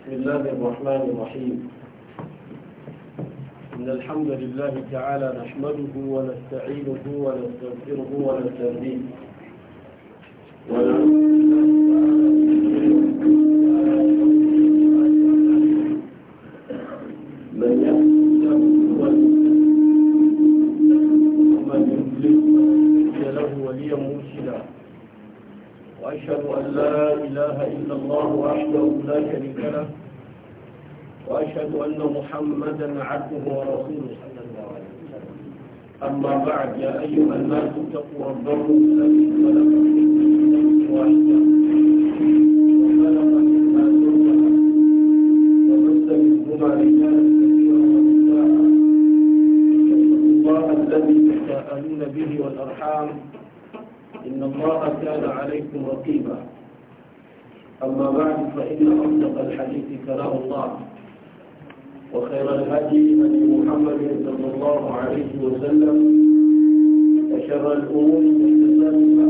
بسم الله الرحمن الرحيم إن الحمد لله تعالى نحمده ونستعينه ونستغفره ونستهديه ونعوذ بالله محمدا عبده ورسوله صلى الله عليه وسلم أما بعد يا أيها الناس اتقوا ربكم الذي خلقكم من نفس واحدة وخلق منها زوجها وبث منهما رجالا كثيرا ونساء اتقوا الله الذي تساءلون به والأرحام إن الله كان عليكم رقيبا أما بعد فإن أصدق الحديث كلام الله وخير الهدي هدي محمد صلى الله عليه وسلم وشر الأمور محدثاتها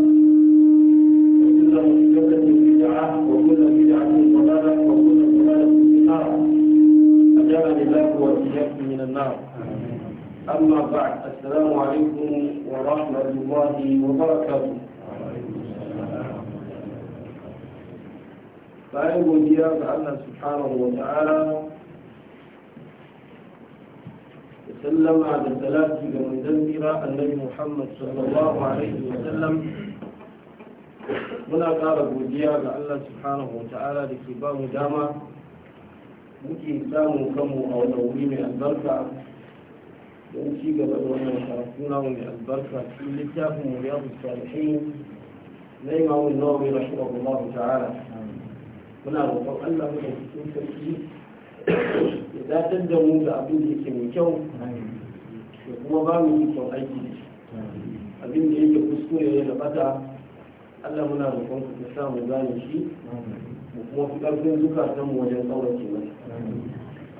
وكل محدثة بدعة وكل بدعة ضلالة وكل ضلالة في النار أجرني الله وإياكم من النار أما بعد السلام عليكم ورحمة الله وبركاته فأيضا godiya ga سبحانه وتعالى وسلم على ثلاث مدمرة النبي محمد صلى الله عليه وسلم muna ƙara godiya ga Allah subhanahu Ta'ala da ke ba mu dama muke samun kanmu a wani wuri mai albarka don ci gaba da wannan karatu namu mai albarka cikin littafin mu ya salihin na yi imamun nawawi rahimahullah ta'ala muna roƙon Allah mu da cikin sarki ya datar da mu ga abin da yake mai kyau da kuma ba mu ikon aiki da shi abin da yake kuskure ya bata Allah muna roƙon ku ta sa mu gane shi mu kuma fi ƙarfin zukatan mu wajen tsaurace mai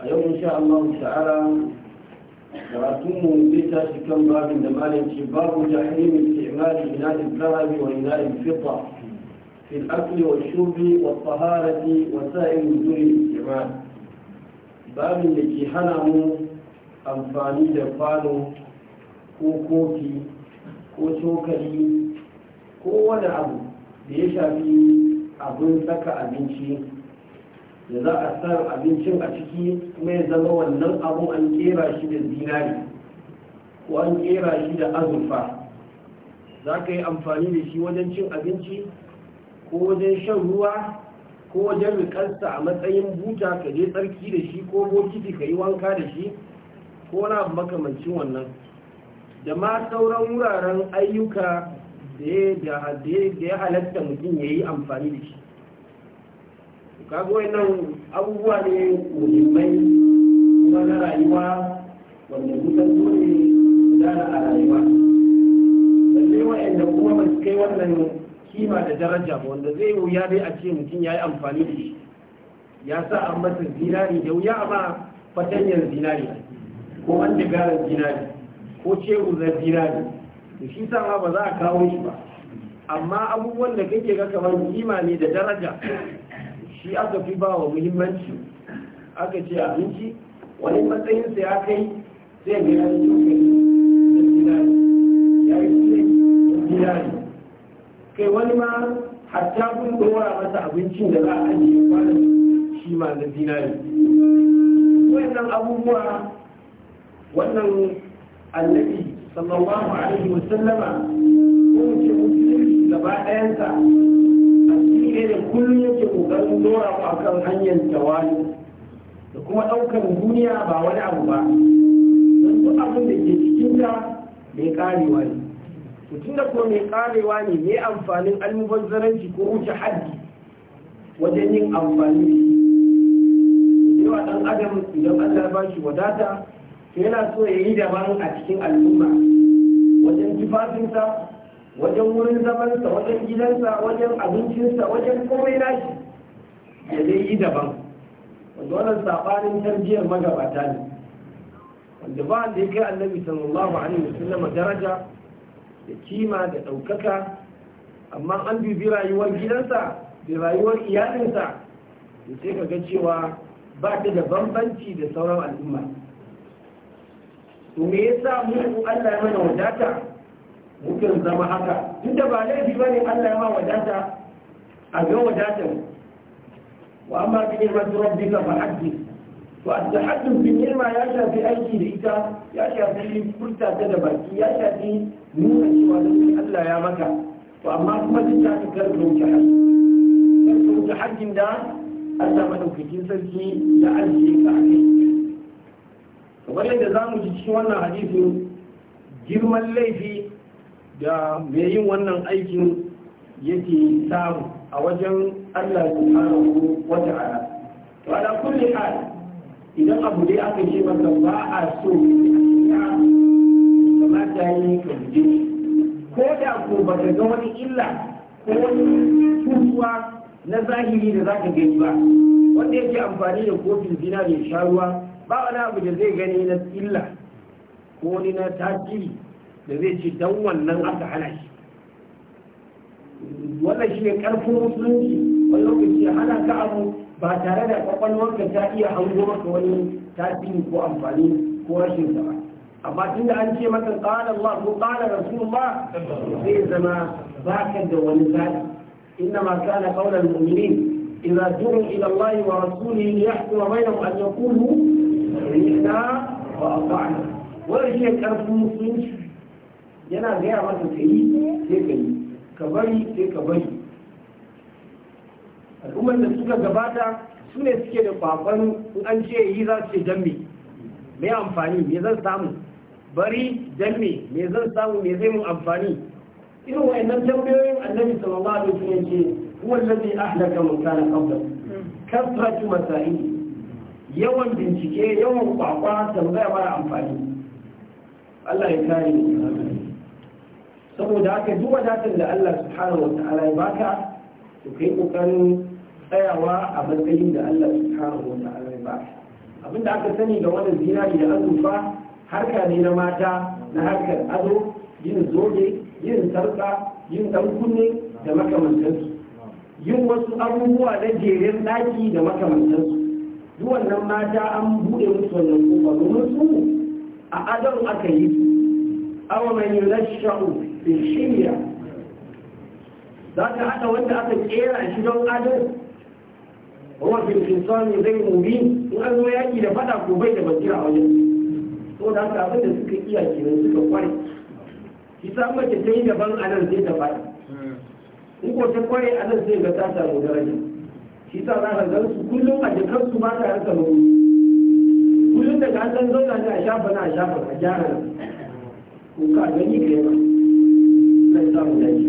a yau insha Allah sha'ara. karatun mu zai tashi kan babin da malam ce babu jahilin istimali ina al-zahabi wa ina al-fitta في الأكل والشرب والطهارة وسائر Babin da ke hana mu. amfani da falo ko kofi ko cokali ko wani abu da ya shafi abin saka abinci da za a sa abincin a ciki kuma ya zama wannan abu an kera shi da zinari ko an kera shi da azurfa za ka yi amfani da shi wajen cin abinci ko wajen shan ruwa ko wajen rikarsa a matsayin buta ka je tsarki da shi ko bokiti ka yi wanka da shi ko na makamancin wannan da ma sauran wuraren ayyuka da ya halatta mutum ya yi amfani da shi kagowai nan abubuwa ne muhimmai kuma na rayuwa wanda kusan dole gudana a rayuwa lallai wa'anda kuma ba su kai wannan kima da daraja ba wanda zai wuya dai a ce mutum ya yi amfani da shi ya sa an masa zinari da wuya amma fatanyar zinari ko an da garin zinari ko cewu na zinari da shi sa ba za a kawo shi ba amma abubuwan da kake ga kamar kima ne da daraja shi aka fi ba wa muhimmanci aka ce abinci wani matsayinsa ya kai sai ga yari zinari ya yi kai wani ma hatta kun dora masa abincin da za a ajiye kwanan shi ma na zinari wayannan abubuwa wannan annabi sallallahu alaihi wasallama ko ce musulunci gaba ɗayansa addini ne da kullum yake kokarin dora ku akan hanyar jawali da kuma ɗaukar duniya ba wani abu ba don duk abin da ke cikinta mai karewa ne mutum da kuma mai karewa ne mai amfanin zaranci ko wuce haddi wajen yin amfani da yawa ɗan adam idan allah ba shi wadata yana so ya yi daban a cikin al'umma wajen tufafinsa wajen wurin zamansa wajen gidansa wajen abincinsa wajen komai nashi ya zai yi daban wanda wannan sabanin tarbiyyar magabata ne wanda ba da ya kai annabi sallallahu alaihi wasallam daraja da kima da ɗaukaka amma an dubi rayuwar gidansa da rayuwar iyalinsa da sai ka ga cewa ba ta da bambanci da sauran al'umma to me yasa mu Allah ya mana wadata mukan zama haka inda ba laifi ne Allah ya ma wadata a ga wadatar wa amma bi ni'mati rabbika fa haddith to at-tahadduth bi ni'ma ya shafi aiki da ita ya shafi furta ta da baki ya shafi nuna cewa Allah ya maka to amma kuma duk ta ka karɓo ta karɓo ta haddin da Allah madaukakin sarki ya ajiye ka a kai kamar da za mu ji cikin wannan hadisin girman laifi da mai yin wannan aikin yake samu a wajen Allah subhanahu wa ta'ala to ala kulli hal idan abu dai aka ce masa ba a so ya ta yi ka ko da ko ba ta ga wani illa ko wani tutuwa na zahiri da za ka gani ba wanda yake amfani da kofin zinari ya sha ruwa ba wani abu da zai gani na illa ko wani na tasiri da zai ce don wannan aka hana shi wannan shi ne karfin musulunci wani lokaci hana ka abu ba tare da kwakwalwarka ta iya hango maka wani tasiri ko amfani ko rashin sa ba amma tunda an ce maka qala Allah ko qala Rasulullah zai zama baka da wani zaɓi إنما كان قول المؤمنين إذا دعوا إلى الله ورسوله ليحكم بينهم أن يقولوا sami'na wa ata'na wannan shi karfin musulunci yana gaya masa ka yi sai ka yi ka bari sai ka bari al'ummar da suka gabata su ne suke da kwaban in an ce yi za su ce dan me amfani me zan samu bari dan me zan samu me zai mun amfani irin wayannan tambayoyin annabi sallallahu alaihi wasallam ce huwa allazi ahlaka man kana qabla hmm. kasratu masail yawan bincike yawan kwakwa tambaya mara amfani Allah ya kare mu saboda haka duk wadatar da Allah subhanahu wa ta'ala ya baka to kai kokarin tsayawa a matsayin da Allah subhanahu wa ta'ala ya baka abinda aka sani ga wannan zinari da azurfa harka ne na mata na harkar ado yin zobe yin sarka yin dan kunne da makamantansu yin wasu abubuwa na jerin daki da makamantansu duk nan mata an buɗe musu wannan kofa domin su a adon aka yi su awa mai yi rashau da shirya za ta haka wanda aka kera shi don ado wa filifin sami zai mubi in an zo yaƙi da faɗa ko bai da bakira a wajen so da haka abinda da suka iya kenan suka kware shi sa mace ta yi daban a nan sai ta fada hmm. in ko ta kware a nan sai ga ta samu daraja shi sa za ka gan su kullum a jikan su ba ta rasa nauyi kullum daga an san zauna ne a shafa na a shafa a gyara ko ka gani kai ba sai samu daji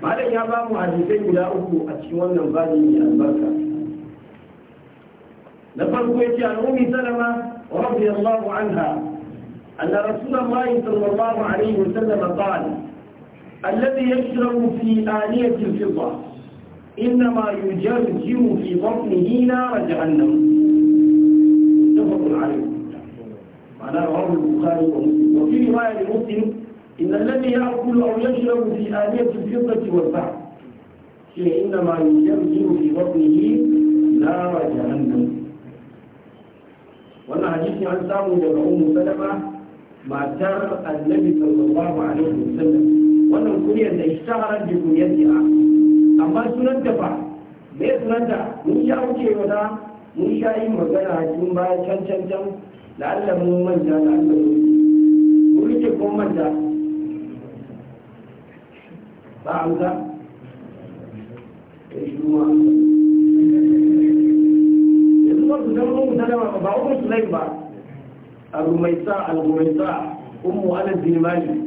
malam ya ba mu hadisai guda uku a cikin wannan babi mai albarka na farko yace an ummi salama radiyallahu anha أن رسول الله صلى الله عليه وسلم قال الذي يشرب في آنية الفضة إنما يجرجم في بطنه نار جهنم متفق عليه معناه رواه البخاري ومسلم وفي رواية لمسلم إن الذي يأكل أو يشرب في آلية الفضة والبحر هي إنما يجرجم في بطنه نار جهنم وأنا hadisi عن samu وأم سلمة ما matar النبي صلى الله عليه وسلم kunyar da اشتهرت bi amma sunan da ba me sunan da mun sha wuce wata mun sha yi magana cikin baya can can can da Allah mu manta da Allah mun rike ko manta ba amsa ya eh kuma yanzu ba su zama mun tada ba ba su lai ba abu mai sa al-gumaisa ummu ala dinmani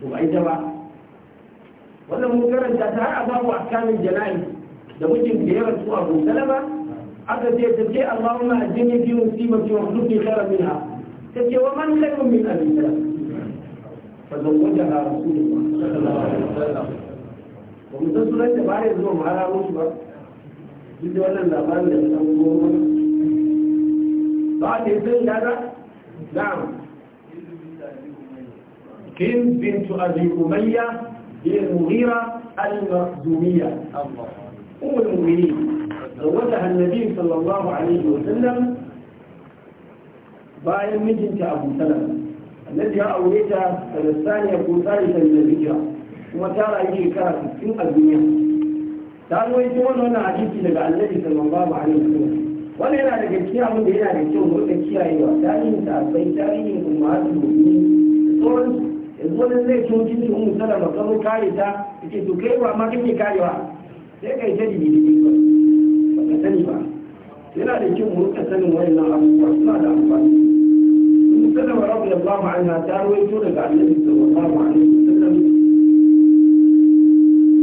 to ai ba wannan mun karanta ta har a babu akamin jana'i da mijin da ya su a salama aka ce ta ce allahumma ajini fi musibati wa khluqni khairan minha ta ce wa man khairun min abi salama fa zawwajaha rasulullah sallallahu alaihi wasallam ba mu sunan da ba ya zuwa mu musu ba duk da wannan labarin da ta goma ba da ya san da na'am كن بنت أبي أمية هي المغيرة المخدومية أم المؤمنين زوجها النبي صلى الله عليه وسلم باين من جنك أبو سلم الذي أوليت الثاني أبو ثالثا من جاء الهجرة وتارى إليه كرس في الدنيا تعالوا ويتمون هنا عجيبتي لقى النبي صلى الله عليه وسلم وانا yana daga cikin abin da yana da kyau mu rika kiyayewa ta المؤمنين yanzu wani zai so jinsi umu sana ka kawai kare ta yake to kai ba ma kake karewa sai kai ta dibi dibi ba ba ka sani ba yana da kyau mu rika sanin wayannan abubuwa suna da amfani umu ba ma anha ta rawaito daga annabi sallallahu alaihi wasallam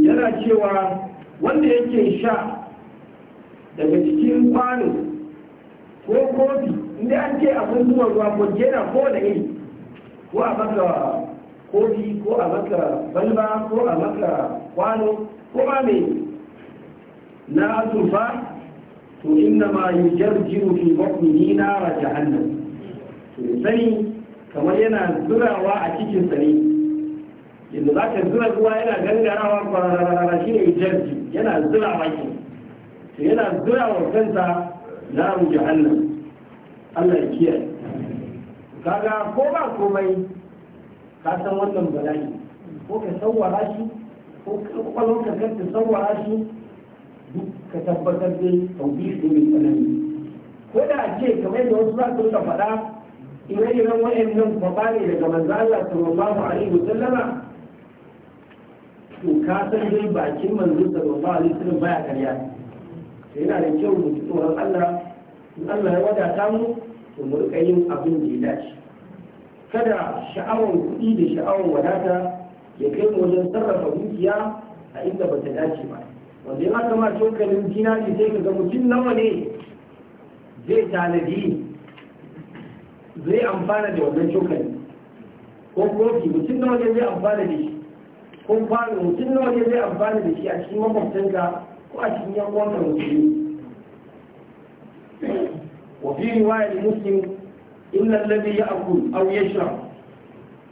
yana cewa wanda yake sha daga cikin kwano ko kofi inda an ce abin zuwa ruwa ko jena ko da iri ko a baka ko bi ko a maka balba ko a maka kwano ko ma me na azurfa to inna ma yujarjiru fi batnihi nara jahannan. to sani kamar yana zurawa a cikin sani yanzu za ka zura ruwa yana gangarawa kwararara shi ne jarji yana zurawa ke to yana zurawa kansa naru jahannam Allah ya kiyaye kaga ko ba komai ka san wannan bala'i ko ka sawara shi ko kwakwalwar ka ka sawara shi duk ka tabbatar da tauhidi mai tsanani ko da a ce kamar da wasu za su rika faɗa ire-iren wa'annan kwaba ne daga manzo Allah sallallahu alaihi wa sallama to ka san dai bakin manzo sallallahu alaihi wa sallam baya karya yana da kyau mu tsoron Allah in Allah ya wadata mu to mu rika yin abin da ya dace kada sha'awar kuɗi da sha'awar wadata ya kai mu wajen sarrafa dukiya a inda ba ta dace ba wanda ya kama cokalin dinari sai ka ga mutum nawa ne zai tanadi zai amfana da wannan cokali ko kofi mutum nawa ne zai amfana da shi ko kwano mutum nawa ne zai amfana da shi a cikin makwabtanka ko a cikin yan uwanka mutum wa fi da muslim inna alladhi ya'kul aw yashrab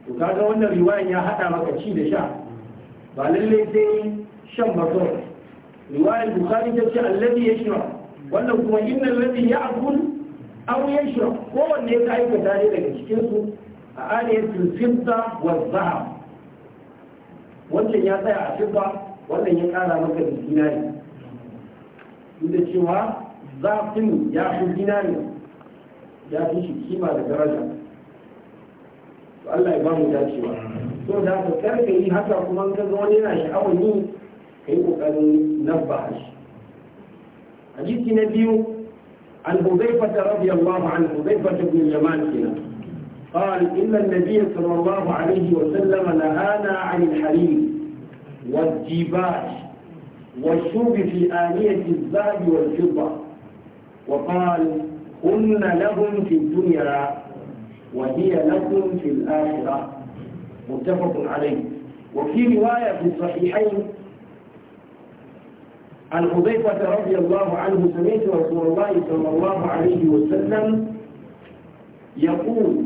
to kaga wannan riwayan ya hada maka ci da sha ba lalle sai shan ba kawai riwayar bukhari ta ce allazi yashrab wannan kuma inna alladhi ya'kul aw yashrab kowanne ya aika ne daga cikin su a aliyatul fidda wa zahab wannan ya tsaya a fidda wannan ya kara maka da dinari inda cewa zafin ya fi dinari ya fi shi kima da daraja to Allah ya ba mu dacewa so da ka karka yi haka kuma ka ga wani yana sha'awar yi ka yi kokarin nabba shi hadisi na biyu an huzaifata radiyallahu an huzaifata bin yaman kenan قال إن النبي صلى الله عليه وسلم نهانا عن الحريم والجيبات والشوب في آنية الذهب والفضة وقال هن لهم في الدنيا وهي لكم في الآخرة متفق عليه وفي رواية في الصحيحين عن حذيفة رضي الله عنه سمعت رسول الله صلى الله عليه وسلم يقول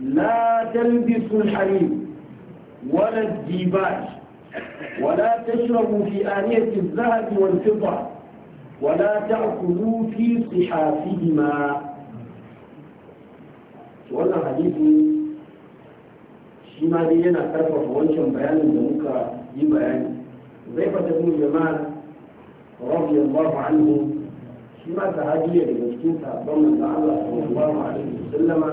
لا تلبسوا الحليب ولا الديباج ولا تشربوا في آنية الذهب والفضة ولا تأكلوا في صحافهما wannan hadisi shi ma dai yana karfafa wancan bayanin da muka yi bayani zai fata bin jamal radiyallahu anhu shi ma ta sahabiya daga cikin sahabban manzo Allah sallallahu alaihi wasallama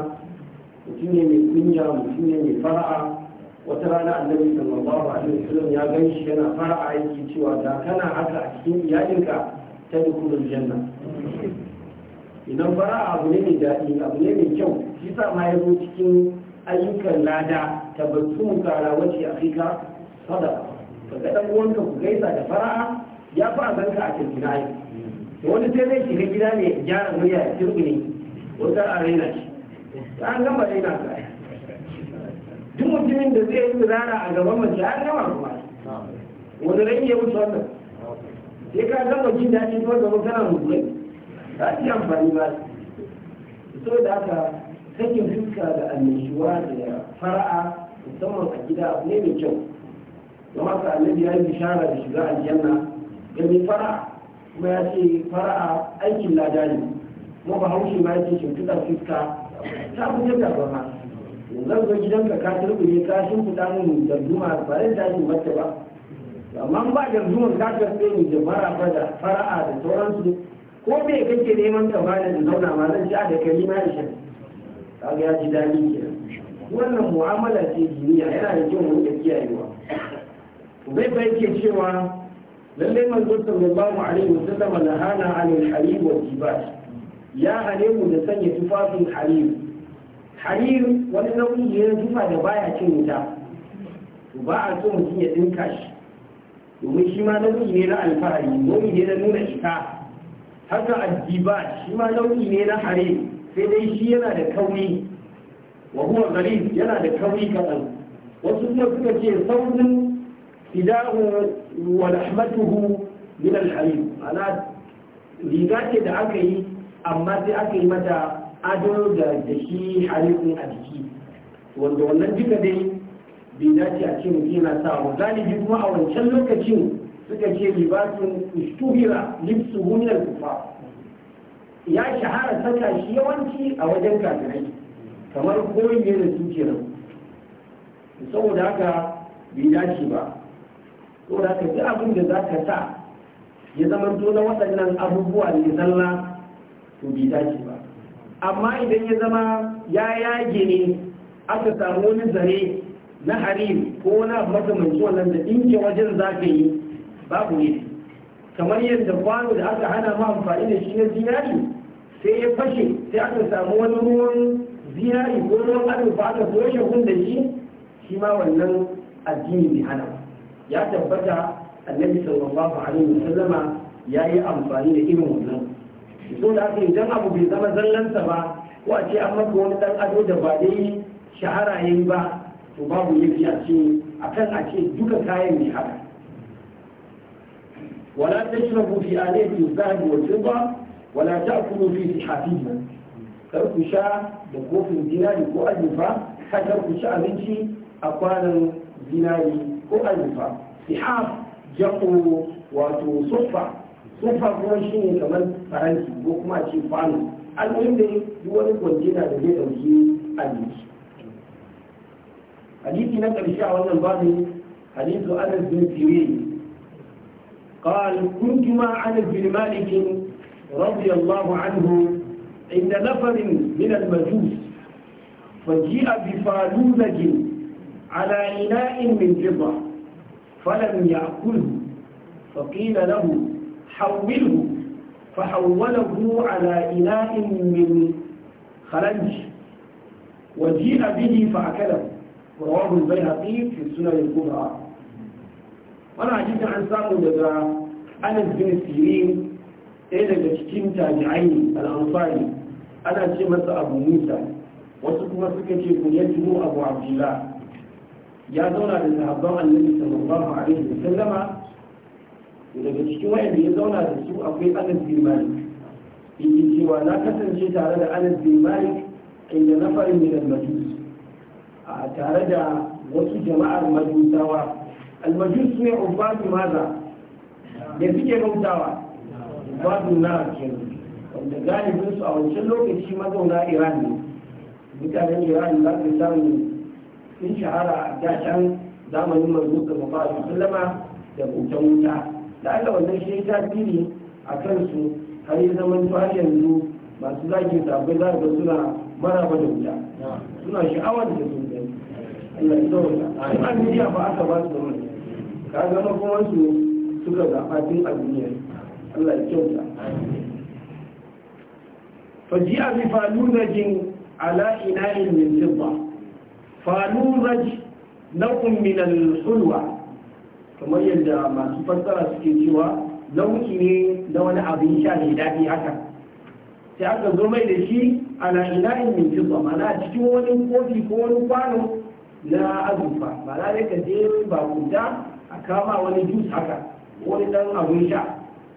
mutum ne mai kunya mutum ne mai fara'a wata rana annabi sallallahu alaihi wasallam ya gan shi yana fara'a yake cewa da kana haka a cikin iyalinka ta dukulun janna idan fara abu ne mai daɗi abu ne mai kyau shi sa ma ya zo cikin ayyukan lada mu kara a afirka sada kaga dan uwanka ku gaisa da fara'a ya fi a ka a cikin gida to wani sai zai shiga gida ne gyara murya ya ne wata a raina shi ta an gama raina ka duk mutumin da zai yi zara a gaban mace an gama kuma wani rai ya wuce wannan sai ka gama jin daɗi ko gaba kana musulmai ba yi amfani ba so da haka sakin fuska da annishuwa da fara'a musamman a gida abu ne mai kyau don haka annabi ya yi bishara da shiga aljanna ga mai fara'a kuma ya ce fara'a aikin lada ne kuma ba haushe ma yake shimfiɗar fuska ta fi ta ba ma zan zo gidanka ka turbine ka shimfiɗa mun da duma ba zai tashi mata ba amma ba jarzuman ka karfe ni da ba da fara'a da sauransu ko me kake neman ka bada da zauna ma zan sha da kalima shi. kaga ya ji daɗi kenan wannan mu'amala ce duniya yana da kyau mu kiyayewa zai fa yake cewa lallai manzo sallallahu mu ta la hana anil harib wa jibas. ya hane mu da sanya tufafin harir harir wani nau'i ne tufa da baya cin wuta ba a so mutum ya dinka shi domin shi ma nau'i ne na alfahari nau'i ne na nuna ita haka addiba shi ma nau'i ne na hare sai dai shi yana da kauri wa huwa gharib yana da kauri kaɗan wasu kuma suka ce saurin fidahu wa rahmatuhu min al-harib ana riga ce da aka yi amma sai aka yi mata ado da shi harifin a jiki wanda wannan duka dai bai dace a ce mutum yana sa wa galibi kuma a wancan lokacin suka ce libasun ustuhira libsu huniyar kufa ya shahara saka shi yawanci a wajen kafirai kamar koyi ne da suke nan saboda haka bai dace ba saboda haka duk abin da za ka sa ya zama na waɗannan abubuwa ne zalla to bai dace ba amma idan ya zama ya yage ne aka samu wani zare na harin ko na zuwa nan da ɗinke wajen za ka yi babu ne kamar yadda kwano da aka hana ma amfani da shi na ziyari sai ya fashe sai aka samu wani ruwan ziyari ko ruwan azurfa aka toshe hun da shi shi ma wannan addini ne hana ya tabbata annabi sallallahu alaihi wasallama ya yi amfani da irin wannan so da aka idan abu bai zama zallansa ba ko a ce an maka wani dan ado da ba dai shahara yayi ba to babu fi a ce akan a ce duka kayan ne haka ولا تشربوا في wala ta kuma fi fi في صحافيها karku sha da kofin zinari ko alifa ka ku sha abinci a kwanan zinari ko alifa haf jako wato sofa sofa kuma shi ne kamar faranti ko kuma ce kwano al'ummar da duk wani kwanjina da zai dauki abinci حديث na ƙarshe a wannan babin hadisu anas bin قال كنت مع انس بن مالك رضي الله عنه عند نفر من المجوس فجيء بفالوذج على اناء من فضه فلم ياكله فقيل له حوله فحوله على اناء من خلنج وجيء به فاكله رواه البيهقي في السنن الكبرى وانا حديث عن سامو دغا انس بن سيرين ɗaya daga cikin tabi'ai al'amfani ana ce masa abu musa wasu kuma suka ce ku ya abu abdullah ya zauna da sahabban annabi sallallahu alaihi wa sallama daga cikin wayanda ya zauna da su akwai anas bin malik yake cewa na kasance tare da anas bin malik inda nafarin min al a tare da wasu jama'ar majusawa almajus ne ubadu maza da suke bautawa ubadu na kenan wanda galibin su a wancan lokaci mazauna iran ne mutanen iran za su samu sun shahara a tashan zamanin mazu da mafashi sulama da bautan wuta da aka wannan shi tasiri a kansu har yi zaman har yanzu masu zaki sabbin za ga suna maraba da wuta suna sha'awar da su Allah ya sauka ba aka ba su da ka ga makomansu suka zaɓa tun a duniya Allah ya kyauta ji a fi falunajin ala ina'in min zibba falunaj nau'in min al-hulwa kamar yadda masu fassara suke cewa nau'i ne na wani abin sha ne daɗi haka sai aka zo mai da shi ala ina'in min zibba mana cikin wani kofi ko wani kwano na azurfa ba za ka je bakunta a kama wani jus haka wani dan abun sha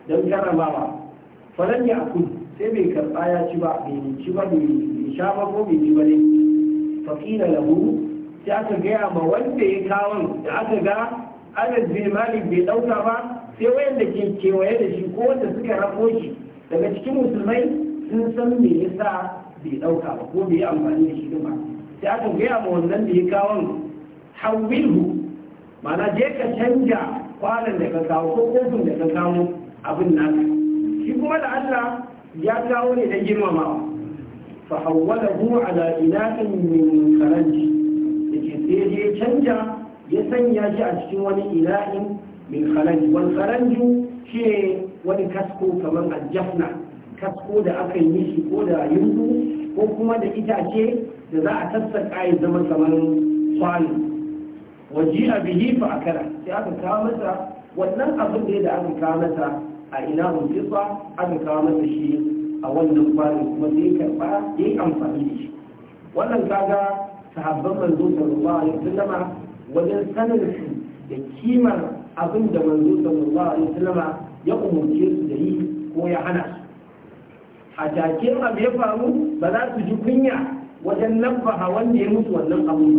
don karamawa falon ya akul sai bai karɓa ya ci ba bai ci ba bai sha ba ko bai ci ba ne fakila lahu sai aka gaya ma wanda ya kawo da aka ga anas bin malik bai ɗauka ba sai wayanda ke kewaye da shi ko wanda suka rako shi daga cikin musulmai sun san me yasa bai ɗauka ba ko bai amfani da shi ba sai aka gaya ma wannan da ya kawon hawilu mana je ka canja kwanan da ka kawo ko kofin da ka kawo abin nan shi kuma da Allah ya kawo ne da girmama fa hawwalahu ala ilahin min karanci yake sai je canja ya sanya shi a cikin wani ilahin min khalanj wal khalanju shi wani kasko kamar aljafna kasko da aka yi shi ko da yunzu ko kuma da itace da za a tattaka ya zama kamar kwano waje a bihi fa a kara sai aka kawo masa wannan abin da da aka kawo masa a ina ba aka kawo masa shi a wannan kwano kuma sai karba ya yi amfani da shi wannan kaga sahabban manzo sallallahu alaihi wasallama wajen sanin su da kimar abin da manzo sallallahu alaihi wasallama ya umurce su da yi ko ya hana su a jakin abu ya faru ba za su ji kunya wajen nafaha wanda ya mutu wannan abun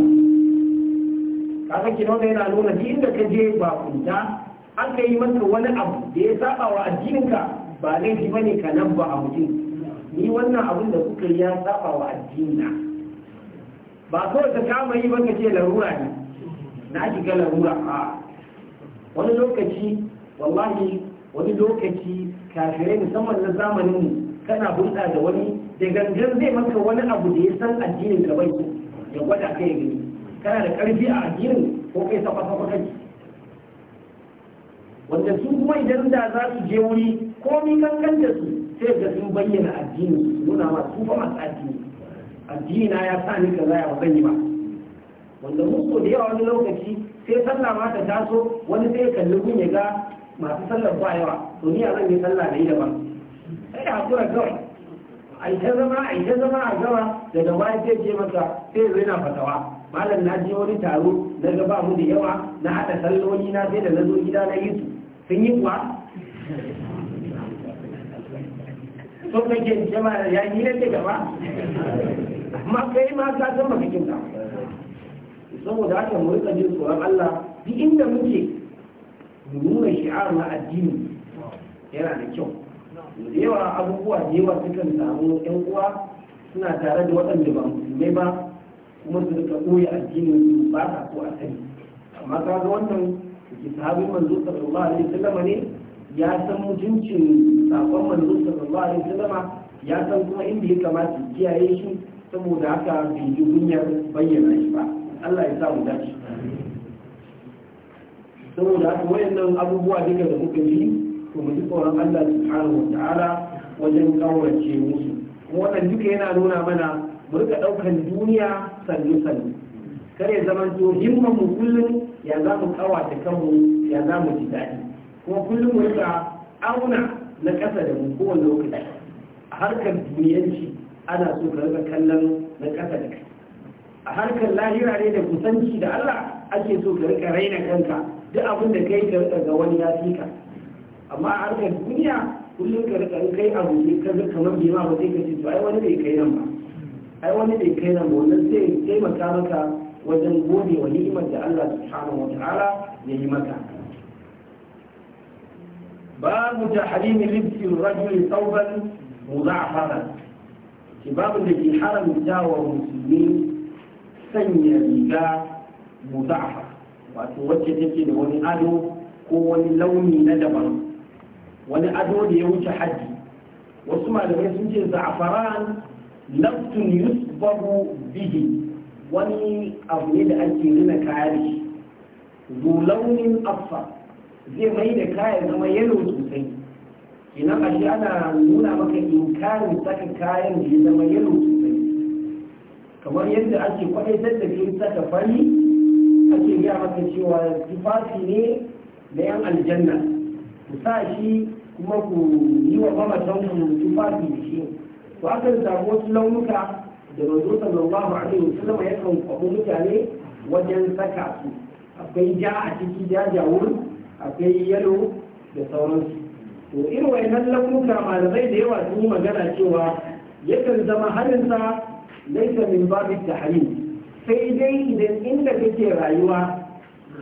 ba kaga ki nuna yana nuna duk inda ka je ba kunta an ka yi maka wani abu da ya saba wa addininka ba laifi ba ne ka nan a mutum ni wannan abun da kuka yi ya saba wa addinina ba kawai ka kama yi baka ce larura ne na shiga larura a wani lokaci wallahi wani lokaci kafirai musamman na zamanin mu kana bulɗa da wani da gangan zai maka wani abu da ya san addinin ka bai ya gwada ka ya gani kana da karfi a addinin ko kai safa safa kai wanda su kuma idan da za su je wuri ko ni kankan da su sai ga sun bayyana addini su nuna ma su fa masu addini addini na ya sa ni kaza ya ba yi ba wanda mu so da yawa wani lokaci sai sallah ma ta taso wani sai kalli gun ya ga masu sallar ba yawa to ni a zan yi sallah da yi daban sai da hakura kawai a yi ta zama a yi ta zama a gaba daga baya sai ce maka sai zai na fatawa malam na je wani taro na gaba mu da yawa na hada salloli na sai da na zo gida na yi su sun yi kuwa sun kake ya yi na gaba amma kai ma ka san baka kinta saboda haka mu rika jin tsoron Allah duk inda muke mu nuna shi'ar na addini yana da kyau da yawa abubuwa da yawa sukan samu yan uwa suna tare da waɗanda ba musulmai ba kuma su rika ɓoye addinin su ba a ko asali amma ka ga wannan ke sahabin manzo sallallahu alaihi wasallam ne ya san mutuncin sakon manzo sallallahu alaihi wasallam ya san kuma inda ya kamata kiyaye shi saboda haka bai ji kunyar bayyana shi ba Allah ya sa mu dace saboda haka wayannan abubuwa duka da muka yi to mu ji tsoron Allah subhanahu wa ta'ala wajen kaurace musu kuma wannan duka yana nuna mana mu rika ɗaukar duniya sannu sannu kare zaman to himman mu kullum ya za mu ta kanmu ya za mu ji daɗi kuma kullum mu rika auna na ƙasa da mu kowane lokaci a harkar duniyanci ana so ka rika kallon na ƙasa da kai a harkar lahira ne da kusanci da Allah ake so ka rika raina kanka duk abin da kai ka rika ga wani ya fi ka amma a harkar duniya kullum ka rika kai abu ne ka ga kamar bai ma ba sai ka ce ai wani bai kai nan ba ai wani bai kai nan ba wannan zai taimaka maka wajen gode wa ni'imar da Allah subhanahu wa ya yi maka babu tahrimi libsi rajuli thawban mudha'afaran shi babin da ke haramta wa musulmi sanya riga mudha'afa wato wacce take da wani ado ko wani launi na daban wani ado da ya wuce haji wasu malamai sun ce za'afaran laftun yusbahu bihi wani abu ne da ake nuna kaya da shi zulaunin afa zai mai da kaya zama yalo sosai kenan ashe ana nuna maka inkarin saka kayan da ya zama yalo sosai kamar yadda ake kwadaitar da ke saka fari ake gaya maka cewa tufafi ne na yan aljanna sa shi kuma ku yi wa mamatan ku fasi da shi to aka samu wasu launuka da manzo sallallahu alaihi wasallam ya kan kwabo mutane wajen saka su akwai ja a ciki jawur akwai yalo da sauransu to irin wayannan launuka malamai da yawa sun magana cewa yakan zama harinsa laisa min babu tahrim sai dai idan inda kake rayuwa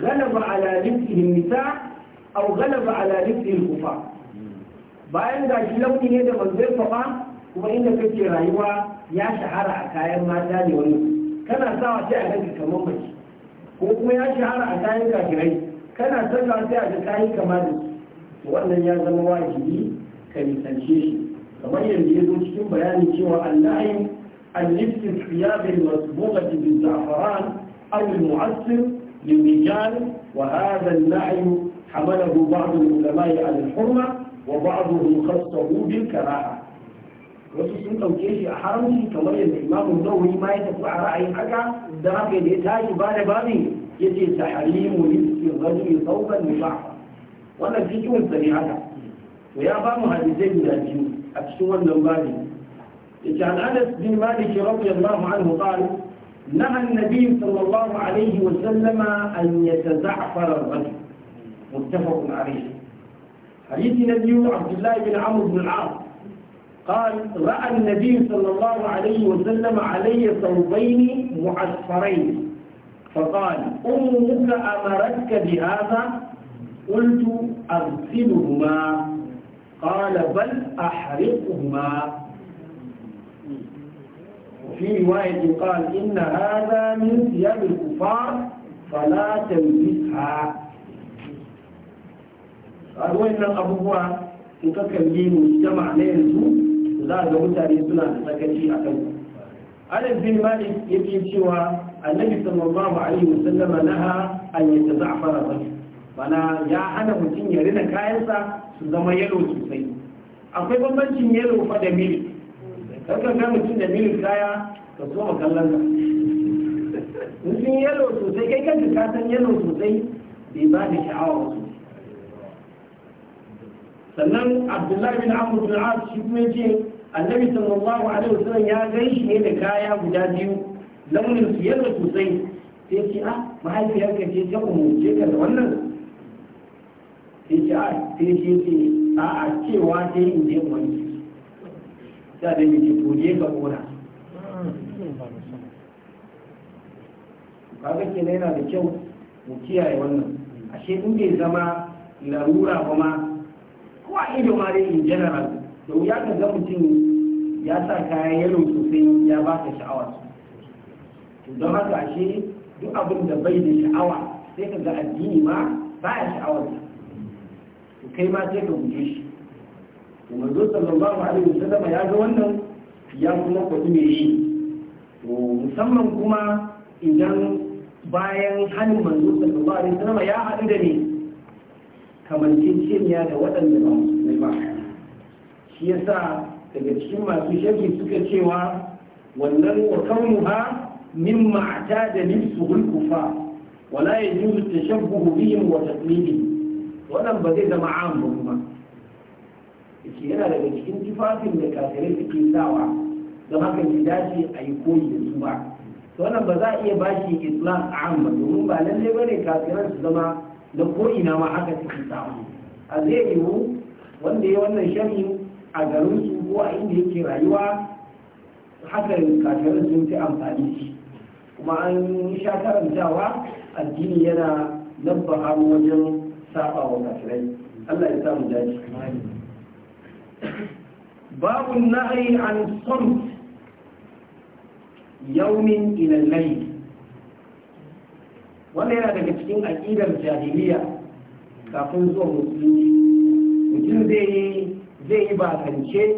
galaba ala nifsihim nisa aw ghalaba ala rizqil kufa bayan ga shi launi ne da manzon fafa kuma inda kake rayuwa ya shahara a kayan mata ne wani kana sawa sai a ganka kamar mace ko kuma ya shahara a kayan kafirai kana sallah sai a ga kayan kamar wannan ya zama wajibi ka nisance shi kamar yadda ya zo cikin bayani cewa allahin allifin siyabin masbuqati bil za'faran aw al mu'assir lil rijal wa hadha al حمله بعض العلماء على الحرمة وبعضهم خصه بالكراهة wasu sun ɗauke shi a haramci kamar yadda imamu nawawi ma ya tafi a ra'ayin haka da haka da ya tashi ba da babi ya ce ta halimu liskin rajuli saukan nufa wannan cikin sani haka to ya ba mu hadisai guda biyu a cikin wannan babi ya ce an anas bin malik radiyallahu anhu qala نهى النبي صلى الله عليه وسلم أن يتزعفر الرجل متفق عليه حديث نبي عبد الله بن عمرو بن العاص قال رأى النبي صلى الله عليه وسلم علي ثوبين معصفرين فقال أمك أمرتك بهذا قلت أغسلهما قال بل أحرقهما وفي رواية قال إن هذا من ثياب الكفار فلا تلبسها a wannan abubuwa in ka kalli mu jama'a na yanzu za a ga mutane suna da sakaci a kan anas bin malik yake cewa annabi sallallahu alaihi wasallama naha an yataza'fara ba bana ya hana mutum ya rina kayansa su zama yalo sosai akwai bambancin yalo fa da milik kakan ga mutum da mili kaya ka so ma kallon ka in sun yalo sosai kai kanka ka san yalo sosai bai ba da sha'awa sosai sannan abdullahi bin amur bin as shi kuma ce annabi sallallahu alaihi wasallam ya gani shi ne da kaya guda biyu launin su yadda sosai sai ce ah mahaifiyarka ce ta ce ka da wannan sai ce a ah, sai ce ce a a cewa sai in je wani sai da yake to je ka kona kaga kenan yana da kyau mu kiyaye wannan ashe in bai zama larura ba ma ido ma dai in general da wuya ka ga mutum ya sa kayan yalo sosai ya ba ka sha'awa don haka ashe duk abin da bai da sha'awa sai ka ga addini ma ba ya sha'awar to kai ma sai ka guje shi to manzo sallallahu alaihi wasallam ya ga wannan ya kuma kwaɗi mai yi to musamman kuma idan bayan hannun manzo sallallahu alaihi wasallam ya haɗu da ni kamanceceniya da waɗanda ba musulmai ba shi yasa daga cikin masu shaki suka cewa wannan wa kaunuha min ma'ata da lissuhul wala ya juzu tashabbuhu bihim wa taqlidi wannan ba zai zama am ba kuma yace yana daga cikin tufafin da kafirai suke sawa don haka bai dace a yi koyi da su ba wannan ba za a iya bashi islam am ba domin ba lallai ba ne kafirai su zama da ko'ina ma haka suke samu a zai yiwu wanda ya wannan shari a garin su ko a inda yake rayuwa haka kafin sun fi amfani shi kuma an sha karantawa addini yana nabba hannu wajen saba wa kafirai allah ya samu daji babu na'ayi an son yaumin ilalai wanda yana daga cikin aƙidar jahiliya kafin zuwa musulunci mutum zai yi zai yi bakance ya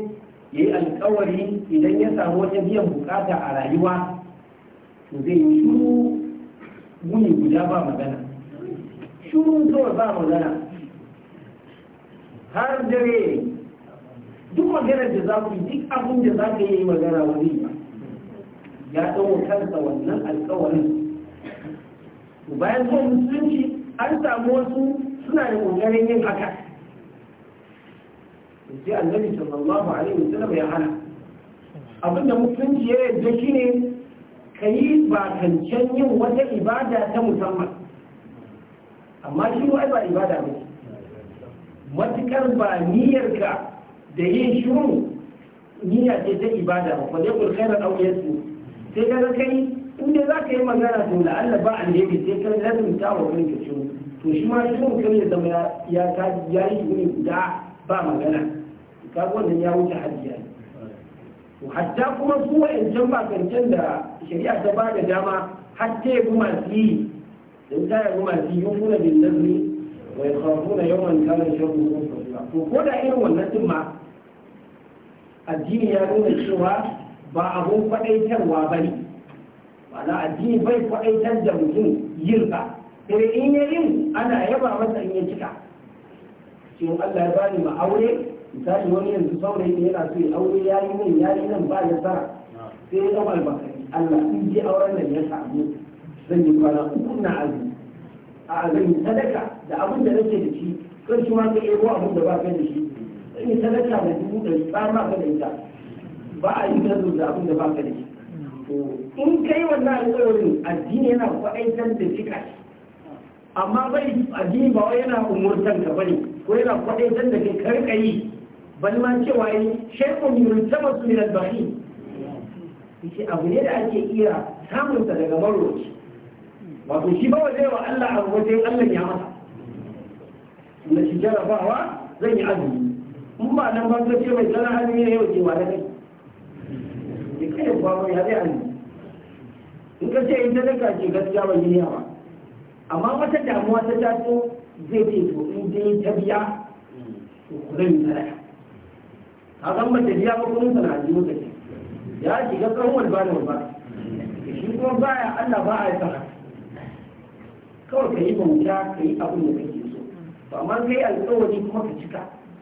yi alkawari idan ya samu wata biyan bukata a rayuwa to zai yi shuru guni guda ba magana shuru zuwa ba magana har dare duk magana da za ku yi duk abin da za ka yi magana wani ya ɗaukar kansa wannan alkawarin bayan zuwa musulunci an samu wasu suna da ƙoƙarin yin haka sai annabi sallallahu alaihi wasallam ya hana abinda musulunci ya yarda shine ka yi bakancan yin wata ibada ta musamman amma shi ai ba ibada ba matukar ba ka da yin shiru niyya ce ta ibada ba kwaje kulkairar auyarsu sai ka kai in za ka yi magana to da ba a yake sai kan lazumta wa kanka ciwo to shi ma shi mun kan ya zama ya ka ya yi ne guda ba magana ka wannan ya wuce hajjiya to hatta kuma su jamba bakancan da shari'a ta ba da dama hatta ya kuma su yi in ta ya kuma su yi bin wa ya khafuna yawan kana sharru ko to ko da irin wannan din addini ya nuna cewa ba abun faɗaitarwa ba ne ma'ana addini bai kwaɗaitar da mutum yin ba sai in yi yin ana yaba masa in ya cika shin Allah ya bani ma aure misali wani yanzu saurayi ne yana so ya aure ya yi min ya yi nan ba ya tsara sai ya zama albakari Allah in je auren nan ya samu zan yi kwana uku na azumi a zan yi sadaka da abin da nake da shi kan shi ma ka ko abin da ba ka da shi zan yi sadaka da dubu ɗari ba ma ka da ita ba a yi gazo da abin da ba ka da shi in kai wannan alƙawarin addini yana kwaɗaitar da cika shi amma bai addini ba wai yana umurtan ka bane ko yana kwaɗaitar da kai karkayi yi bal ma cewa yi shaikun yultamasu min al-bahi yace abu ne da ake iya samun sa daga maroci wato shi ba waje wa Allah a wajen Allah ya masa na shi jarabawa zan yi azumi in ba nan ba zai ce mai sana azumi ne yau ce wa da kai ce kai ba wai ya zai hannu in ka ce in sadaka ce gaskiya ba yi yawa amma wata damuwa ta taso zai ce to in dai ta biya to ku zai yi sadaka ka san ba ta biya ba kuma sana ji muka ce ya shiga kan walba da walba shi kuma baya Allah ba a yi sana kawai ka yi bauta ka yi abin da kake so to amma kai alƙawari kuma ka cika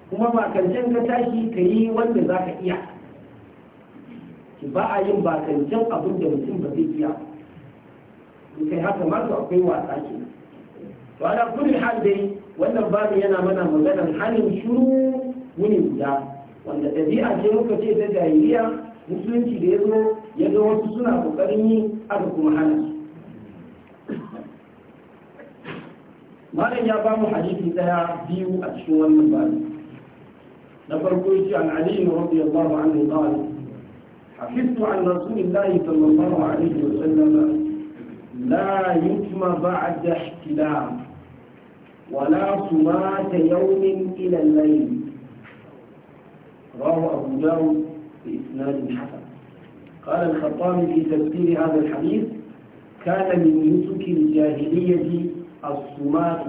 kuma ba kan ka tashi ka yi wanda za ka iya ba a yin bakancan abin da mutum ba zai iya in kai haka ma to akwai wasa ke to ana kulli hal dai wannan babu yana mana maganar halin shiru wuni guda wanda ɗabi'a ce muka ce ta jahiliya musulunci da ya zo ya wasu suna kokarin yi aka kuma hana malam ya ba mu hadisi daya biyu a cikin wannan babu na farko shi an ali radiyallahu anhu qala حفظت عن رسول الله صلى الله عليه وسلم لا يتم بعد احتلام ولا صمات يوم إلى الليل رواه أبو داود بإسناد حسن قال الخطابي في تفسير هذا الحديث كان من نسك الجاهلية الصمات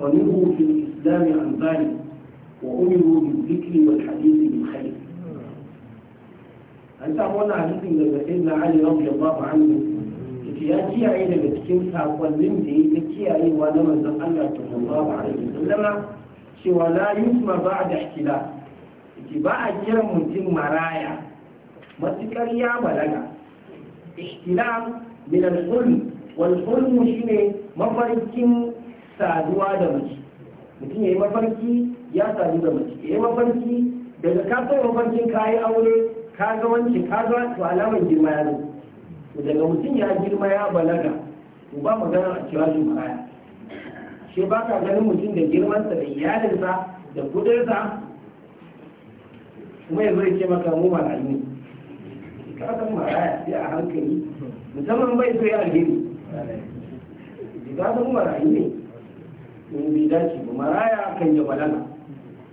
فنهوا في الإسلام عن ذلك وأمروا بالذكر والحديث بما an samu wannan hadisin daga sayyidina ali radiyallahu anhu yace ya kiyaye daga cikin sakonnin da yake kiyayewa na manzon Allah sallallahu alaihi wasallama cewa la yusma ba'da ihtila yace ba a kira mutum maraya matukar ya balaga ihtilam min al-hulm wal hulm shine mafarkin saduwa da mace mutum yayi mafarki ya sadu da mace yayi mafarki daga kasuwar mafarkin kayi aure ka ga wancin ka ga to alamar girma ya zo daga mutum ya girma ya balaga to ba magana a cewa shi maraya shi ba ka ganin mutum da girmansa da iyalinsa da kudinsa kuma ya zai ce maka mu marayu ne ka san maraya sai a hankali musamman bai so ya alheri ka san marayu ne in bai dace ba maraya kan ya balaga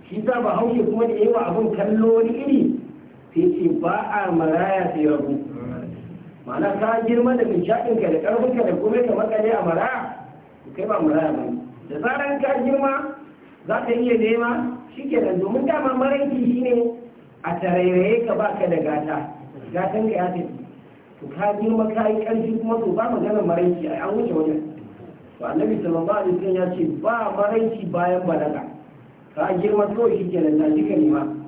shi ta ba haushe kuma da yawa abin kallo wani iri ba a maraya sai rabu ma'ana ka girma da binshaɗin ka da ƙarfin ka da komai ka makale a maraya kai ba maraya ba da zaran ka girma za ka iya nema shi ke nan domin dama maraiki shi ne a tarairaye ka ba ka da gata gatan ka ya tafi to ka girma ka yi ƙarfi kuma to ba maganar maraiki a an wuce wajen to annabi sallallahu alaihi wasallam ya ce ba maraiki bayan balaga ka girma to shi ke nan za ka nema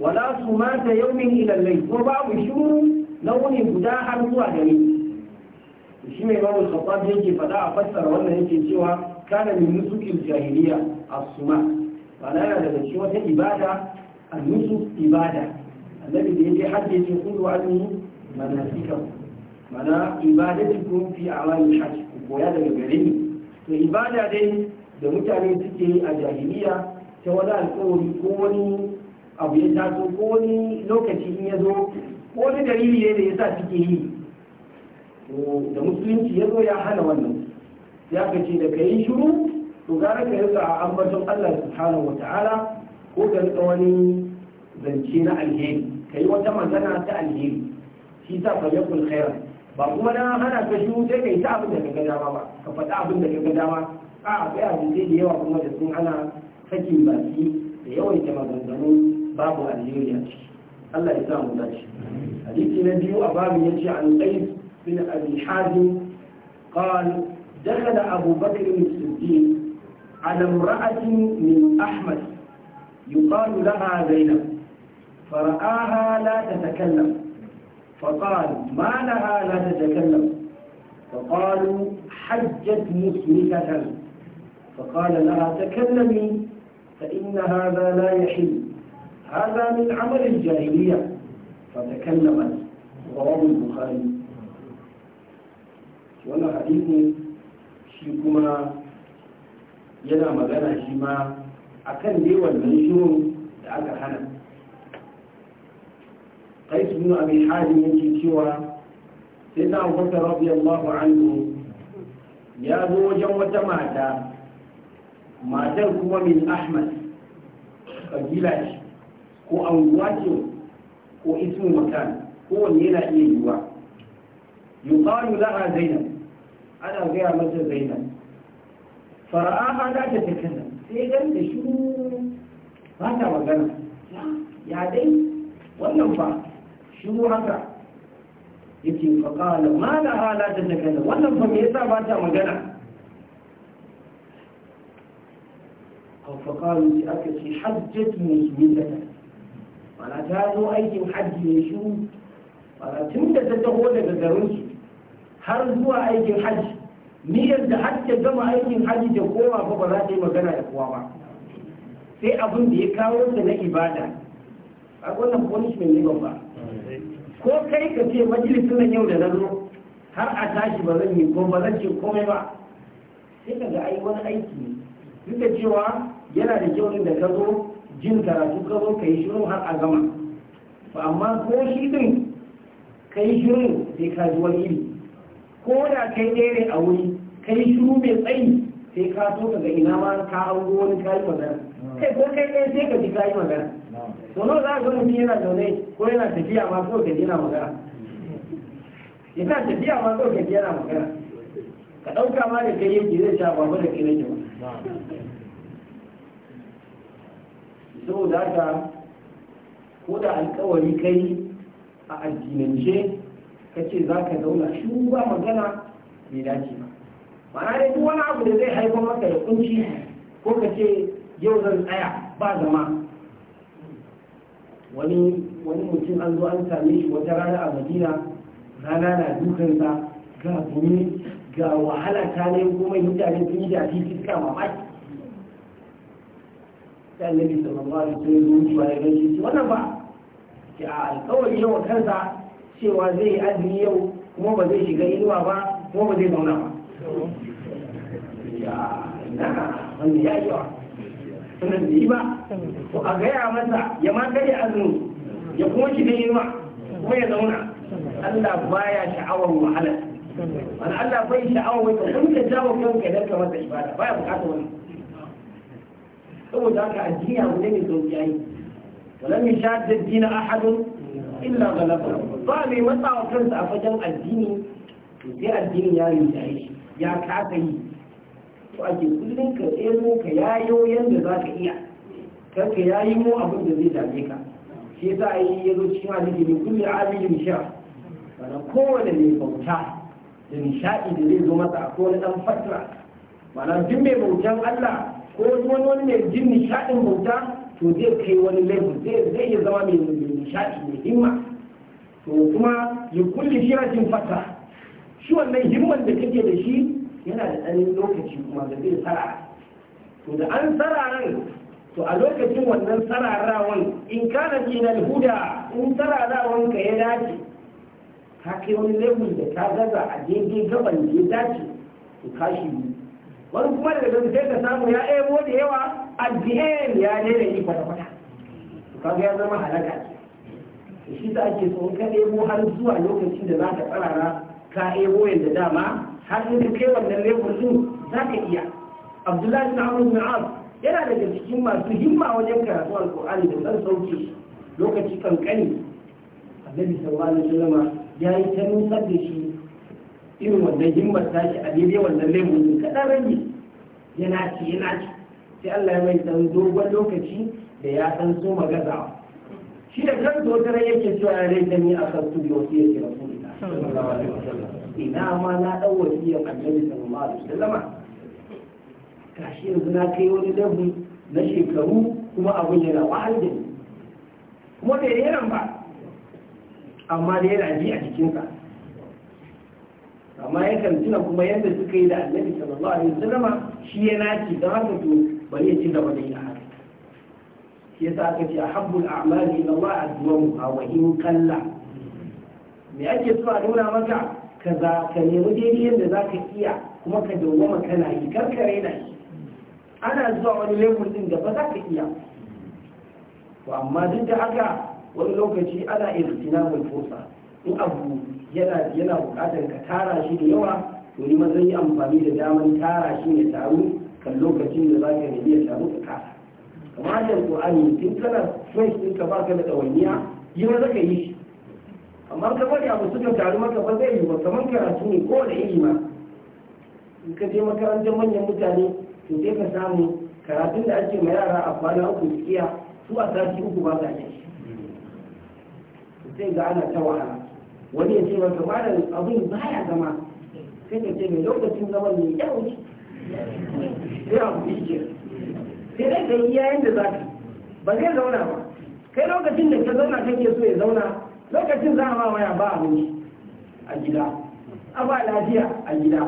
wala su yau min ilallai ko babu shuru wuni guda har zuwa dare shi mai babu khattab yake faɗa a fassara wannan yake cewa kana min nusukin jahiliya a suma bana yana daga cikin wata ibada a nusuk ibada annabi da yake hajji yake kullu anni manasikakum mana ibadatikum fi a'malil hajj ku koya daga gare ni to ibada dai da mutane suke yi a jahiliya ta wani alƙawari ko wani abu ya taso ko wani lokaci in ya zo ko wani dalili ne da ya sa suke yi da musulunci ya zo ya hana wannan ya kace da ka shiru to gara ka rika ambaton Allah subhanahu wa ta'ala ko ka rika wani zance na alheri ka yi wata magana ta alheri shi sa fayyakul khairan ba kuma na hana ka shiru sai ka yi ta abin da ka ga dama ba ka faɗa abin da ka ga dama a akwai abin da yawa kuma da sun hana sakin baki da yawan yawaita maganganu babu alheri a ciki Allah ya samu dace hadisi na biyu a babu yace an qais bin abi hazim قال دخل أبو بكر الصديق على امرأة من أحمد يقال لها زينب فرآها لا تتكلم فقال ما لها لا تتكلم فقالوا حجت مسمكة فقال لها تكلمي فإن هذا لا يحل هذا من عمل الجاهلية فتكلمت رواه البخاري wannan hadisin shi kuma yana magana shi ma a kan dai wannan shirin da aka hana kai su nuna abin hali yake cewa sai na wata rabu yamma ya zo wajen wata mata matar kuma min ahmad kabila shi ko awwakin ko ismu makan kowanne yana iya yiwuwa yuqalu laha zainab ana gaya mata zainab fara'aha da ta takallam sai dan da shiru ba ta magana ya dai wannan fa shiru haka yake faƙala ma da hala ta takallam wannan fa me yasa ba ta magana faƙalu sai aka ce hajjat musulmi da mana ta zo aikin hajji ne shiru mana tun da ta taho daga garinsu har zuwa aikin hajji niyyar da har ta gama aikin hajji da koma ba ba za ta yi magana da kowa ba sai abin da ya kawo ta na ibada a wannan punishment ne ba ko kai ka ce majalisun nan yau da na zo har a tashi ba zan yi ko ba zan ce komai ba sai ka ai wani aiki ne duk da cewa yana da kyau da ka zo jin karatu ka zo ka yi shirin har a gama ba amma ko shi din ka yi shirin sai ka zuwa wani iri ko da kai ɗaya a wuri ka yi shiru mai tsayi sai ka so ka ga ina ma ka hango wani ka yi magana kai ko kai ɗaya sai ka ji ka yi magana to nawa za ka zo mutum yana zaune ko yana tafiya ma ko ka ji yana magana yana tafiya ma ko ka ji yana magana ka ɗauka ma da kai yake zai sha babu da kai nake ba saboda haka ko da alkawari kai a addinance ka ce za ka zauna shi ba magana mai dace ba ma'ana dai duk wani abu da zai haifar maka da kunci ko ka ce yau zan tsaya ba zama wani mutum an zo an same shi wata rana a madina rana na dukansa ga gumi ga wahala ta ne kuma mutane sun yi da fifi suka mamaki sai annabi sallallahu alaihi wasallam ya zuwa ya gaishe shi wannan ba ki a alƙawari yawa kansa cewa zai yi azumi yau kuma ba zai shiga inuwa ba kuma ba zai zauna ba ya na wanda ya yi yawa sannan da yi ba ko a gaya masa ya ma kare azumi ya kuma shiga inuwa kuma ya zauna Allah baya sha'awar wahala wani Allah bai sha'awar wai ka kunta jawo kanka idan ka masa ibada baya bukatar wani saboda haka addini abu ne mai sauki yayi walam yashad ad-din ahadun illa ghalaba ba mai matsawa kansa a fagen addini to sai addini ya yi shi ya kasa yi to ake kullum ka tsero ka yayo yadda za ka iya kar ka yayi mu abin da zai dame ka shi yasa ai yazo zo cikin hadisi ne kullu abidin sha wala kowane mai bauta da nishadi da zai zo masa a kowane dan fatra bana duk mai bautan Allah ko wani wani mai jin nishaɗin bauta to zai kai wani level zai iya zama mai nishaɗi mai himma to kuma ya kulle shi yana jin fata shi wannan himman da kake da shi yana da ɗanin lokaci kuma da zai tsara to da an tsararan to a lokacin wannan tsararawan in ce na huda in tsararawan ka ya dace ka kai wani level da ka gaza a daidai gaban da ya dace to ka shi wani kuma daga nan sai ka samu ya ebo da yawa jihen ya daina yi kwata-kwata kaga ya zama halaka shi za ake tsohon ka ebo har zuwa lokacin da za ka tsarara ka ebo yadda dama har in kai wannan lebur din za ka iya abdullahi na amr na yana daga cikin masu himma wajen karatu alqur'ani da zan sauki lokaci kankani annabi sallallahu alaihi wasallam ya yi ta nusar da shi irin wannan himmar shi a daidai wannan laifin kaɗan rage yana ci yana ci sai Allah ya mai san dogon lokaci da ya san so magaza shi da kan dogara yake cewa ya rai ni a kan studio sai yake rasulullah sallallahu ina ma na dau wasiyar annabi sallallahu alaihi wasallam Kashi yanzu na kai wani dabu na shekaru kuma abin yana wahal da ni kuma da yaran ba amma da yana ji a jikinsa amma yakan tuna kuma yadda suka yi da annabi sallallahu alaihi wasallam shi ya naci don haka to bari ya ci gaba da yin haka shi yasa aka ce ahabbul a'mali ila Allah adwamu wa in qalla me ake so a nuna maka kaza ka nemi daidai yadda zaka iya kuma ka dawwama kana yi karkare da shi ana zuwa wani lebur din da ba za ka iya to amma duk da haka wani lokaci ana irtinamul fursa in abu yana yana bukatar ka tara shi da yawa to ni zan yi amfani da daman tara shi ne taru kan lokacin da zaka da iya taru ka kasa kamar da qur'ani tun kana fresh din ka baka da dawaniya yi ma zaka yi shi amma ka bari abu suka taru maka ba zai yi ba kamar karatu ne ko da iri ma in ka je makarantar manyan mutane to sai ka samu karatun da ake ma yara a kwana uku tsiya su a sati uku ba za a yi sai ga ana ta wahala wani ya ce ba maka malam abin baya zama sai ka ce mai lokacin zaman ne ya wuce. sai wuce sai dai ka yi yayin da za ka ba zai zauna ba kai lokacin da ka zauna kake so ya zauna lokacin za a ma waya ba abinci a gida a ba lafiya a gida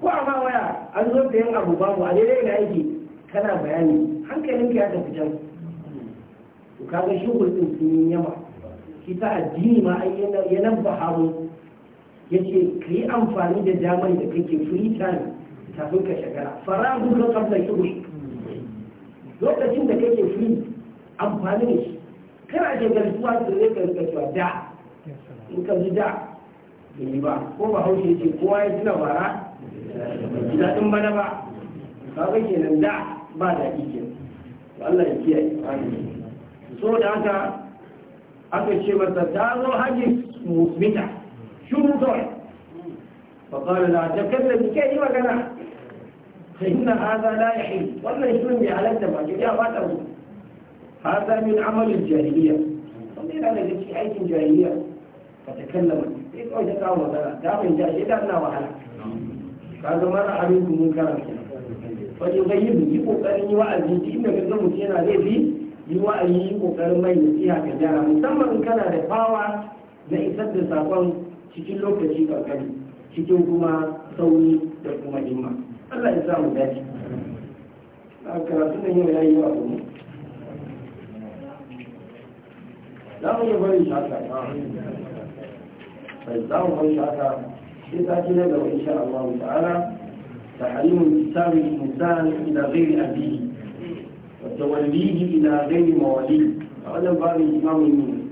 ko a ma waya an zo da yin abu babu a daidai da aiki kana bayani hankalinka ya tafi can ka ga shugul din sun yi yawa shi addini ma ai ya nabbaha Ya yace ka yi amfani da damar da kake free time kafin ka shagara duka ka qabla shughli lokacin da kake free amfani da shi kana shagaltuwa da zai ka rika cewa da in ka ji da bai ba ko ba haushe ce kowa ya tuna bara bai ji daɗin bana ba ba kenan da ba da kenan Allah ya kiyaye so da haka aka الشيء masa ta zo hajji شو shuru فقال لا da ta kallon فإن هذا لا يحل ولا يسلم على الدم يا فاته هذا من عمل الجاهلية ومن أنا جبت في أي جاهلية فتكلم إذا وجدت أول ثلاث من جاهلية أنا وحلا قالوا ما رحلوا منكرا فليغيبني يبقى أني وأزيد إنك الزمت هنا ليه yi a yi kokarin mai nasiha ka gyara musamman kana da fawa na isar da sakon cikin lokaci kankani cikin kuma sauri da kuma himma Allah ya samu dace a karatun da yau ya yi wa kuma za mu yi bari shaka bai za mu bari shaka sai sati na gaba insha Allah ta'ala tahrimul kisabi insan ila ghairi abihi da ila gairi mawali a wajen babin imamun ne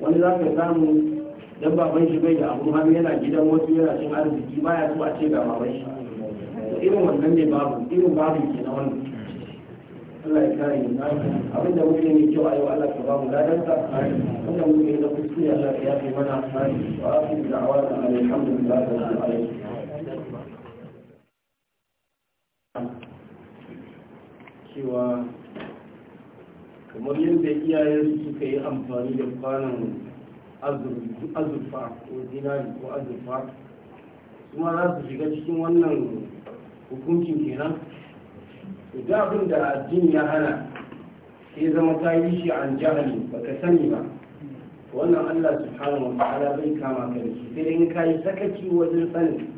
wani za ka samu dan baban shi bai da abu hannu yana gidan wasu yana cin arziki ba ya a ce ga baban shi to irin wannan ne babu irin babin ke na wannan Allah ya kare mu abin da muke ne kyau a yau Allah ka bamu a wannan muke da kuskure Allah ya yafe mana wa akhiru da'wana alhamdulillahi rabbil alamin cewa kamar yadda iyayen suka yi amfani da kwanan azurfa ko zinari ko azurfa kuma za su shiga cikin wannan hukuncin kenan da abin da addini ya hana sai zama ta yi shi an jahali ka sani ba wannan allah hana wa ta'ala bai kama ka da shi sai dai ka yi sakaci wajen sanin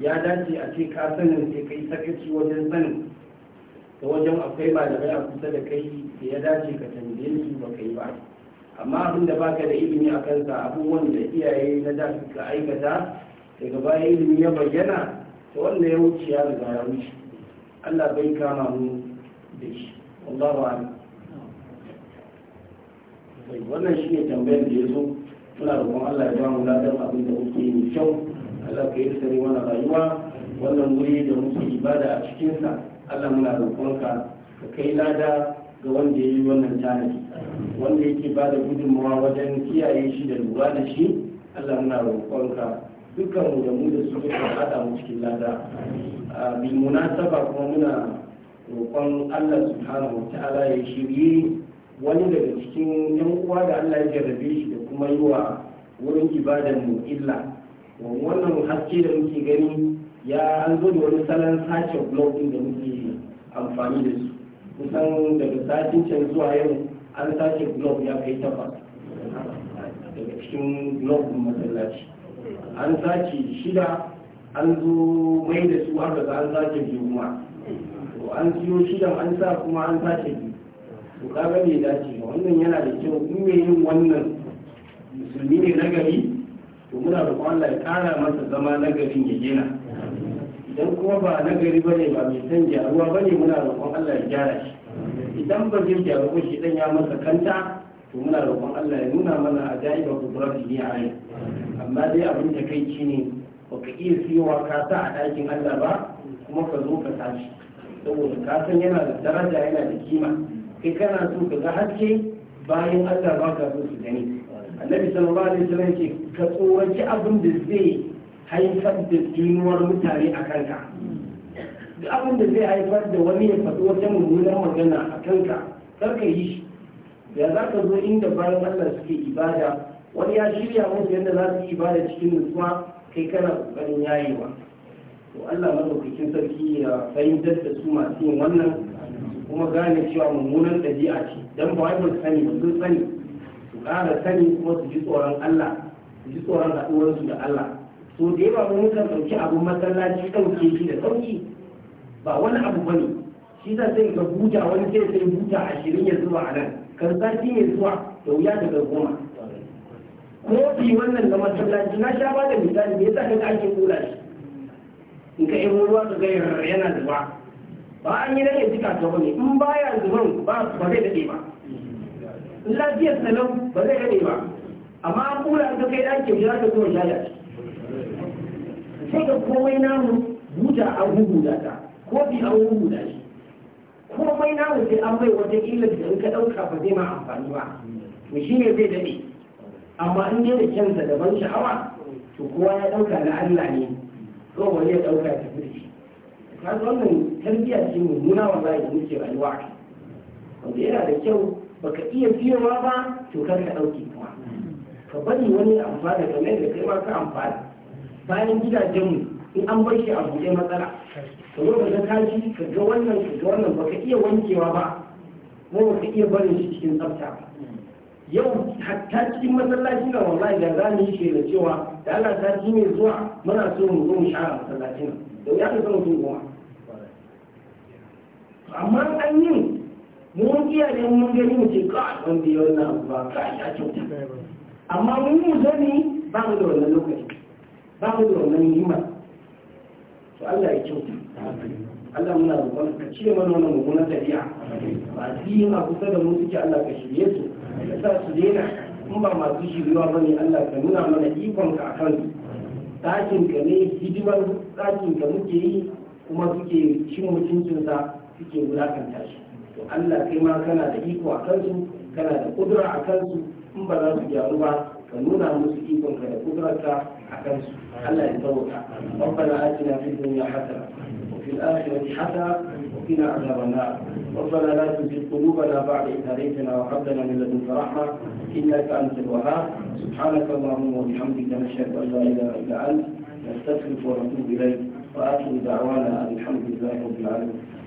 ya dace a ce ka sanin sai ka yi sakaci wajen sanin ta wajen akwai ba da bai a kusa da kai da ya dace ka tambaye su ba ka yi ba amma abin da baka da ilimi a kansa abubuwan da iyaye na da suka aikata daga baya ilimi ya bayyana to wanda ya wuce ya riga ya wuce Allah bai kama mu da shi wallahu a'lam wannan shi ne tambayar da ya zo muna roƙon Allah ya ba mu ladan abin da muke yi mai kyau Allah ka yi sare mana rayuwa wannan wuri da muke ibada a cikinsa Allah muna roƙonka ka kai lada ga wanda ya yi wannan tanadi wanda yake ba da gudunmawa wajen kiyaye shi da lura da shi allah muna roƙonka dukkan da mu da su duka haɗa mu cikin lada bil saba kuma muna roƙon allah subhanahu wa ta'ala ya shirye wani daga cikin yan uwa da allah ya jarrabe shi da kuma yi wa wurin ibadan mu illa wannan haske da muke gani ya an zo da wani salon sace blog da muke amfani da su kusan daga sashen can zuwa yau an sace blog ya kai takwas daga cikin blog masallaci an sace shida an zo mai da su har daga an sace biyu kuma to an siyo shida an sa kuma an sace biyu to kaga me dace wannan yana da kyau in me yin wannan musulmi ne nagari to muna roƙon Allah ya kara masa zama nagarin ya gina idan kuma ba nagari bane ba mai san gyaruwa bane muna roƙon Allah ya gyara shi idan ba zai gyaru ko shi dan ya masa kanta to muna roƙon Allah ya nuna mana a ajaiba kudratu a ayi amma dai abin da kai ba ka iya siyowa ka sa a ɗakin Allah ba kuma ka zo ka tashi saboda ka san yana da daraja yana da kima kai kana so ka ga haske bayan Allah ba ka so su gani annabi sallallahu alaihi wasallam ce ka tsoraci abin da zai haifar da dinuwar mutane a kanka duk abin da zai haifar da wani ya faɗi wata mummunar magana a kanka karka yi shi ya za ka zo inda bayan allah suke ibada wani ya shirya musu yadda za su ibada cikin nutsuwa kai kana ƙoƙarin yayewa to allah maɗaukakin sarki ya fahimtar da su masu yin wannan kuma gane cewa mummunan ɗabi'a ce don ba wai ba sani ba sun sani su ƙara sani kuma su ji tsoron allah su ji tsoron haɗuwarsu da allah to da yawa mun muka ɗauki abun masallaci ɗauke shi da sauki ba wani abu bane shi za sai ka buta wani sai sai buta ashirin ya zuwa a nan kan sati ne zuwa da wuya daga goma kofi wannan na masallaci na sha ba da misali me yasa kaga ake kula shi in ka yi ruwa ka ga yana zuba ba an yi nake jika ta wani in baya zuban ba ba zai dade ba lafiyar salon ba zai dade ba amma an kula ka kai ɗakin ya ta zo shaya sai ga komai namu a an da ta kofi an da shi komai namu sai an bai wata illar da in ka ɗauka ba zai ma amfani ba mu shi ne zai dade amma in dai da kyansa da ban sha'awa to kowa ya ɗauka na Allah ne ko wani ya ɗauka ta fi shi ka wannan tarbiyya ce mummuna wallahi da muke rayuwa wanda yana da kyau baka iya fiyewa ba to kar ka ɗauke kuma ka bari wani amfana kamar da kai ma ka amfani. bayan gidajenmu in an bar shi a buɗe matsala ka zo ka kaji ka ga wannan ka ga wannan ba ka iya wankewa ba ko ka iya barin shi cikin tsafta yau hatta cikin masallaci na wallahi da za mu yi shaida cewa da Allah ta ji mai zuwa muna so mu zo mu share masallaci na da ya ka zama goma amma an yi mun iya ne mun gani mu ce ka wanda ya wannan ba ka ya kyauta amma mun mu sani ba mu da wannan lokaci ba mu da wannan himma to Allah ya kyauta Allah muna roƙon ka cire mana wannan mummunan tabi'a ba a kusa da mu suke Allah ka shirye su ka sa su daina in ba masu shiryuwa ba ne Allah ka nuna mana ikon ka a kansu ɗakin ka ne hidimar ɗakin ka muke yi kuma suke cin mutuncinsa suke wulakanta shi to Allah kai ma kana da iko a kansu kana da kudura a kansu in ba za su gyaru ba ka nuna musu ikonka da kudurarka أحكمت ألا يتوقع ربنا آتنا في الدنيا حسنة وفي الآخرة حسنة وقنا عذاب النار ربنا لا تزغ قلوبنا بعد إذ هديتنا وهب لنا من لدنك رحمة إنك أنت الوهاب سبحانك اللهم وبحمدك نشهد أن لا إله إلا أنت نستغفرك ونتوب إليك وآخر دعوانا أن الحمد لله رب العالمين